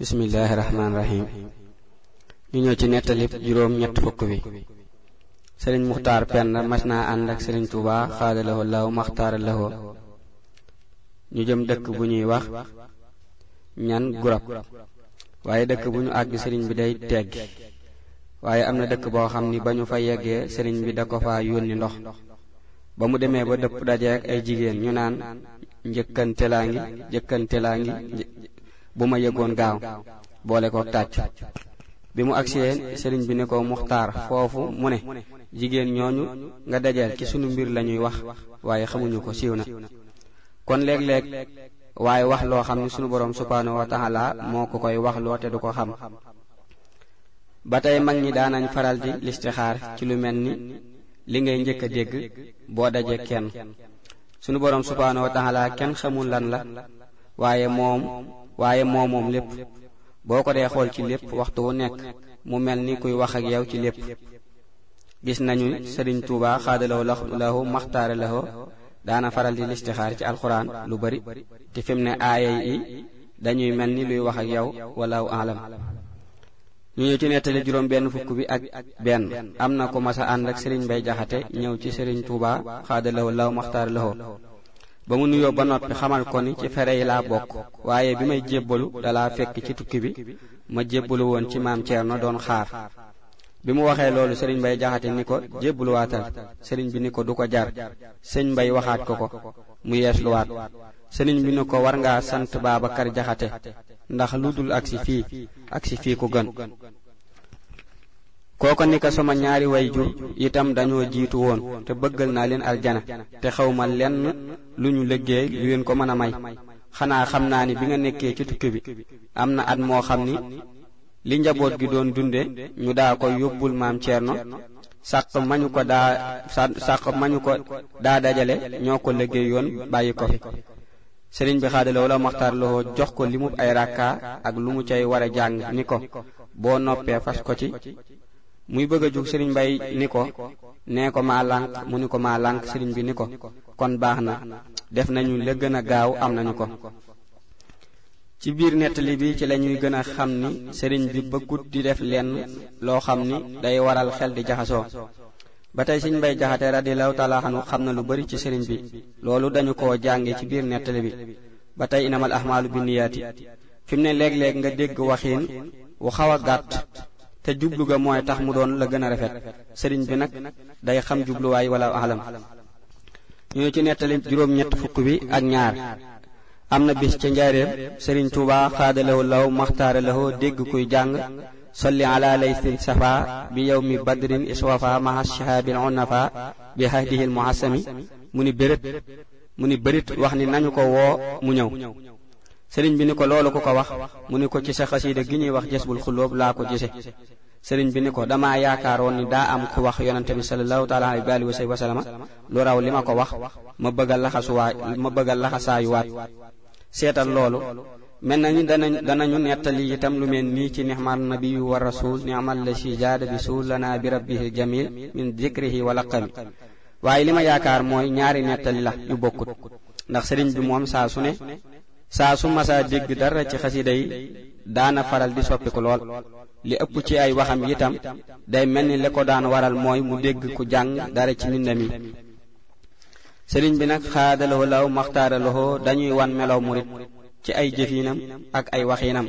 bismillaahi rahmaani rahiim ñu ñëw ci nettali juróom ñett fukk bi sëriñ muxtaar penn mas naa ànd ak sëriñ tuubaa xaadalawoo law maxtaara ñu jëm dëkk bu ñuy wax ñan gurab waaye dëkk bu ñu àgg sëriñ bi day teggi waaye am na dëkk boo xam ni ba fa yeggee sëriñ bi da ko fa yónni ndox ba mu demee ba dëpp dajeek ay jigéen ñu naan njëkkante laa ngi njëkkante laa ngi bu ma yëgoon gaaw boole ko tàccu bi mu agsee sëriñ bi ne ko muxtaar foofu mu ne jigéen ñooñu nga dajeel ci sunu mbir lañuy wax waaye xamuñu ko siiw na kon léeg-léeg waaye wax loo xam ne sunu boroom subhaanahu wa moo ko koy wax loo te du ko xam ba tey mag ñi daanañ faral di listixaar ci lu mel ni li ngay njëkk a dégg boo dajee kenn sunu boroom subhaanahu wa taala kenn xamul lan la waaye moom waaye moo moom lépp boo ko dee xool ci lépp waxtu wu nekk mu mel ni kuy wax ak yow ci lépp gis nañu sëriñ tuuba xaadalaw lahu maxtaare lahu daana faral di listixaar ci alxuraan lu bari te fi mu ne aaya yi dañuy mel ni luy wax ak yow wallahu alam ñu ñëw ci nettali juróom benn fukk bi ak benn am na ko masa ànd ak sëriñ bay jaxate ñëw ci sëriñ tuuba xaadalaw lahu maxtaare lahu ba mu nuyoo ba noppi xamal ko ni ci fere yi laa bokk waaye bi may jébbalu dalaa fekk ci tukki bi ma jébbalu woon ci maam na doon xaar bi mu waxee loolu sëriñ Mbay jaxate ni ko jébbaluwaatal sëriñ bi ni ko du ko jar sëñ Mbay waxaat ko ko mu yeesluwaat sëriñ bi ni ko war ngaa sant Babacar jaxate ndax lu dul agsi fii agsi fii ku gën kooko ni ko sama ñaari way jur itam dañoo jiitu woon te bëggal naa leen aljana te xaw ma lenn lu ñu liggéey lu leen ko mën a may xanaa xam naa ni bi nga nekkee ci tukki bi am na at moo xam ni li njaboot gi doon dunde ñu daa ko yóbbul maam Ceerno sàq mañu ko daa sàq mañu ko daa dajale ñoo ko liggéey yoon bàyyi ko fi sëriñ bi xaadala wala maxtaar loxo jox ko limub ay rakka ak lu mu cay war a jàng ni ko boo noppee fas ko ci muy bëgg jóg sëriñ bay ni ko nee ko maa mu ni ko maa lànk sëriñ bi ni ko kon baax na def nañu la gën a gaaw am nañu ko ci biir nettali bi ci lañuy gën a xam ni sëriñ bi bëggut di def lenn loo xam ni day waral xel di jaxasoo ba tey sëriñ bay jaxate radiyallahu taala anhu xam na lu bari ci sëriñ bi loolu dañu ko jànge ci biir nettali bi ba tey inamal ahmaalu bi niyaati fi ne léeg-léeg nga dégg waxiin wu gàtt te jublu ga mooy tax mu doon la gën rafet sëriñ bi nag day xam jubluwaay wala alam ñu ne ci nettali juróom-ñett fukk bi ak ñaar am na bis ca njaareem sëriñ Tuuba xaadalawo law maxtaara lawo dégg kuy jàng solli ala laysin safa bi yow mi badrin iswafa maha shihaabil unafa bi hahdihil muhassami mu ni bérit mu ni bërit wax ni nañu ko woo mu ñëw sëriñ bi ni ko loolu ku ko wax mu ni ko ci sa xasiida gi ñuy wax jasbul xulóob laa ko gise sëriñ bi ni ko dama yaakaaroon ni daa am ku wax yonente bi sallallahu taala alayhi wa alihi wa sallama lu raw li ma ko wax ma bëgg a laxasuwaay ma bëgg a laxasaayuwaat seetal loolu mel nañu danañ danañu nettali itam lu mel nii ci nixmal nabiyu wa rasul nimal la si jaada bi suul lana bi rabbihi jamil min dikrihi wa laqami waaye li ma yaakaar mooy ñaari nettali la yu bokkut ndax sëriñ bi moom saa su ne saa su masaa dégg dara ci xasida yi daana faral di soppiku lool li ëpp ci ay waxam itam day mel ni li ko daan waral mooy mu dégg ku jàng dara ci mbind mi sëriñ bi nag xaadaloo law maxtaaraloo dañuy wan melow murit ci ay jëfinam ak ay waxinam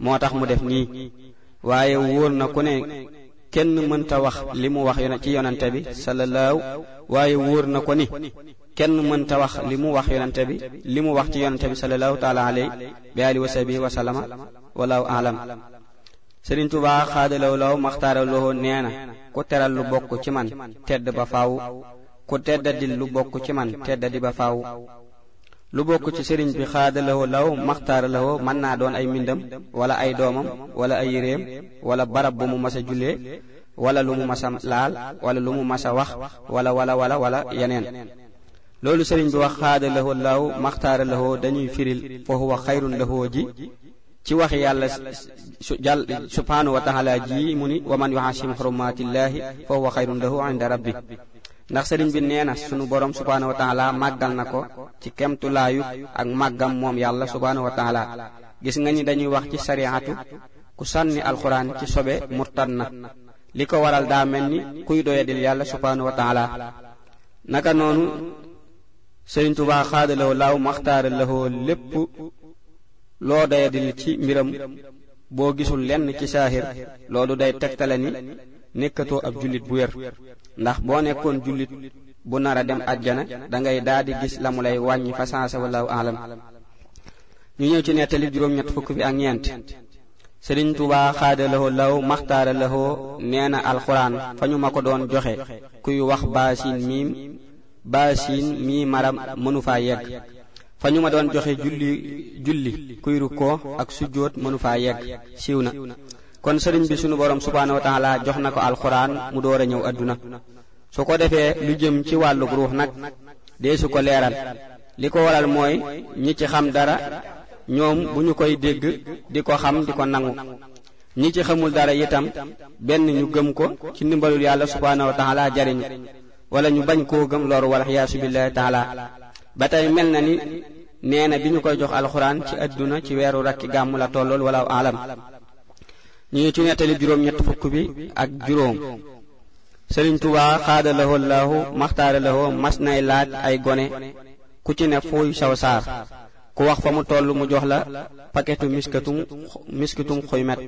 moo tax mu def nii waaye wóor na ko ne kenn mënta wax li mu wax ci yonante bi sallallahu waaye wóor na ko ni kenn mënta wax li mu wax yonante bi li mu wax ci yonante bi sallallahu taala alayhi bi alihi wa sahbihi aalam sëriñ Tuubaa xaadalaw law maxtaaraloo nee na ku teral lu bokk ci man tedd ba faaw ku teddadil lu bokk ci man teddadi ba faaw lu bokk ci sëriñ bi xaadalaw law maxtaaraloo mën naa doon ay mbindam wala ay doomam wala ay yéreem wala barab bu mu mas a jullee wala lu mu mas a laal wala lu mu mas a wax wala wala wala wala yeneen loolu sëriñ bi wax xaadalaw law maxtaaraloo dañuy firil fa huwa xayrun lahoo ji ci wax yàlla jàll subhaanahu wa taala ji mu ni wa man yuhashim xurumatillahi fa huwa xayrun lahu inda rabbi ndax sëriñ bi nee na sunu borom subhaanahu wa taala màggal na ko ci kemtulaayu ak màggam moom yàlla subhaanahu wa gis nga ni dañuy wax ci sariatu ku sànni alxuraan ci sobe murtad na li ko waral daa mel ni kuy doyadil yàlla subhaanahu wa taala naka noonu sëriñ Tuubaa xaadalahu laaw maxtaara lahu lépp loo doyadil ci mbiram boo gisul lenn ci saahir loolu day tegtale ni nekkatoo ab jullit bu wér ndax boo nekkoon jullit bu nar a dem àjjana dangay daal di gis la mu lay wàññi fa sansa wallahu alam ñu ñëw ci nettali juróom-ñett fukk bi ak ñeent sëriñ tubaa xaadalahoo law maxtaaralahoo nee na alxuraan fa ñu ma ko doon joxe kuy wax baasin miim baasin mii maram mënu faa yegg fa ñu ma doon joxe julli julli ko rukkoo ak sujjóot mënu faa yegg siiw na kon sëriñ bi suñu borom subhaanahu wa taala jox na ko alxuraan mu door a ñëw àdduna su ko defee lu jëm ci wàllu ruux nag dee su ko leeral li ko waral mooy ñi ci xam dara ñoom bu ñu koy dégg di ko xam di ko nangu ñi ci xamul dara itam benn ñu gëm ko ci ndimbalul yàlla subhaanahu wa taala jariñu wala ñu bañ koo gëm loru wala xiyaasu billahi ba tey mel na ni nee na bi ñu koy jox alxuraan ci àdduna ci weeru rakki gàmmu la tollool wala alam ñu ngi ci nettali juróom ñett fukk bi ak juróom sëriñ tubaa xaada lahoo laahu maxtaara lahoo mas nay laaj ay gone ku ci ne fuuy saw saar ku wax fa mu toll mu jox la paketu miskatum miskitum xuymet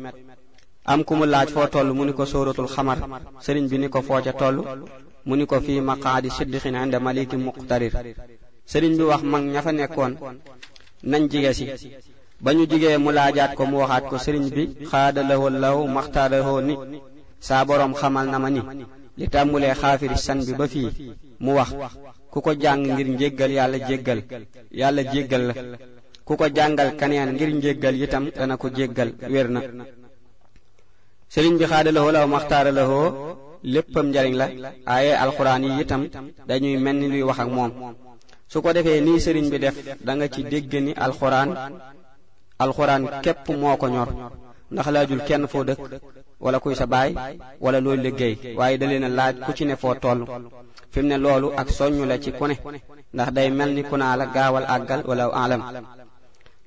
am ku mu laaj foo toll mu ni ko sóoratul xamar sëriñ bi ni ko foo ca toll mu ni ko fii maqaadi siddiqin inda malikin muqtarir sëriñ bi wax mag ña fa nekkoon nañ jige si ba ñu jigee mu laajaat ko mu waxaat ko sëriñ bi xaadalawoo law maxtaaralawoo ni saa boroom xamal na ma ni li tàmbulee xaafiri san bi ba fii mu wax ku ko jàng ngir njéggal yàlla jéggal yàlla jéggal la ku ko jàngal kaneen ngir njéggal itam dana ko jéggal wér na sëriñ bi xaadalawoo law maxtaaralawoo léppam njariñ la aaye alxuraan yi itam dañuy mel ni luy wax ak moom su ko defee nii sëriñ bi def da nga ci dégg ni alxuraan alxuraan képp moo ko ñor ndax laajul kenn foo dëkk wala kuy sa baay wala looy liggéey waaye da leen a laaj ku ci ne foo toll fi mu ne loolu ak soññu la ci ku ne ndax day mel ni ku naa la gaawal àggal wala alam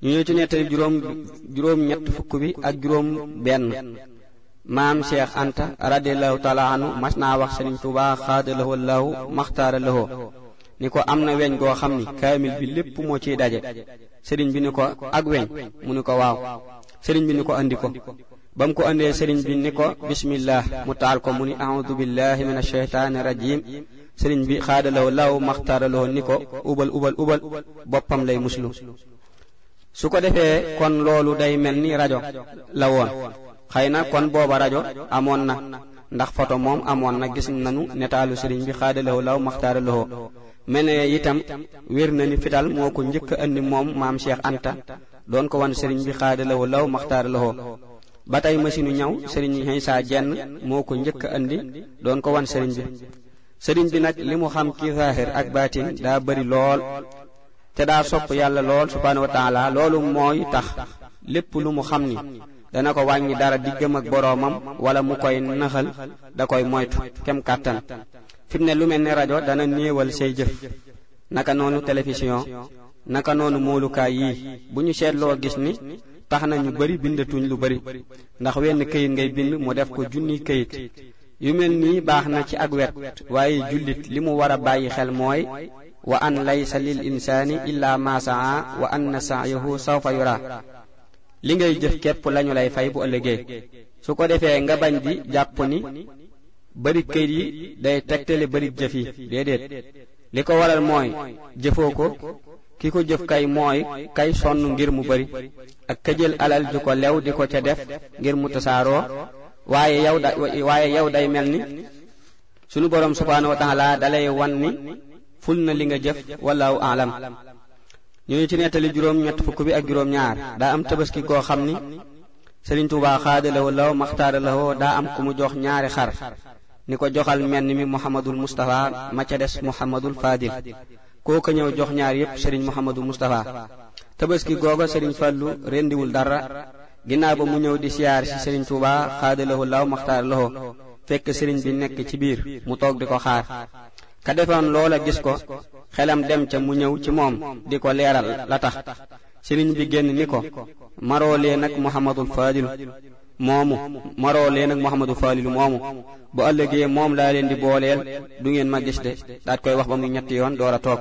ñu ñëw ci nettali juróom juróom ñett fukk bi ak juróom benn maam Cheikh Anta radiallahu taala anhu mas naa wax Sëriñ Tuubaa xaada lahu allahu maxtaara lahu ni ko am na weñ goo xam ni kaamil bi lépp moo ciy daje sëriñ bi ni ko ak weñ mu ni ko waaw sëriñ bi ni ko andi ko ba mu ko andee sëriñ bi ni ko bismillah mu taal ko mu ni audu billahi min asheytaani rajim sëriñ bi xaadalaw law maxtaaraloo ni ko ubal ubal ubal boppam lay muslu su ko defee kon loolu day mel ni rajo la woon xëy na kon booba rajo amoon na ndax foto moom amoon na gis nañu netaalu sëriñ bi xaadalawoo law maxtaaralawoo mel ne itam wér na ni fital moo ko njëkk a andi moom am Cheikh Anta doon ko wan sëriñ bi xaadalawoo law maxtaaralawoo ba tey machine ñaw sëriñ saa jenn moo ko njëkk a andi doon ko wan sëriñ bi sëriñ bi nag li mu xam ci zahir ak baatin daa bari lool te daa sopp yàlla lool subhaanahu wa taala loolu mooy tax lépp lu mu xam ni dana ko wàññi dara diggam ak boroomam wala mu koy naxal da koy moytu kem kàttan fi mu ne lu mel ni rajo dana néewal say jëf naka noonu télévision naka noonu moolukaay yii bu ñu seetloo gis ni tax na ñu bari bindatuñ lu bari ndax wenn këyit ngay bind mu def ko junni këyit yu mel nii baax na ci ak wet waaye jullit li mu war a bàyyi xel mooy wa an laysa lil insaani illa ma saa wa anna sa'yahu sawfa yura li ngay jëf képp lañu lay fay bu ëllëgee su ko defee nga bañ di jàpp ni bari këyit yi day tegtale bari jëf yi déedéet li ko waral mooy jëfoo ko ki ko jëf kay mooy kay sonn ngir mu bari ak ka alal ju ko lew di ko ca def ngir mu tasaaroo waaye yow day mel ni sunu boroom subhaanahu dalay wan ni ful li nga jëf wallahu aalam ñu ngi ci nettali juróom ñett fukk bi ak juróom ñaar daa am tabaski goo xam ni Sëriñ Tuubaa xaadalawo law maxtaara lawo daa am ku mu jox ñaari xar ni ko joxal menn mi Muhammadul Mustafa ma ca des Muhammadul Fadil koo ñëw jox ñaar yépp Sëriñ Muhammadul Mustafa tabaski googa Sëriñ Fallu rendiwul dara ginnaaw ba mu ñëw di siyaar ci Sëriñ Tuubaa xaadalawo law maxtaara fekk sëriñ bi nekk ci biir mu toog di ko xaar ka defoon loola gis ko xelam dem ca mu ñëw ci moom di ko leeral la tax sëriñ bi génn ni ko maroo lee nag muhammadul faadilu moomu maroo lee nag muhammadul faadilu moomu bu ëllëgee moom laa leen di booleel du ngeen ma gis de daat koy wax ba mu ñetti yoon door a toog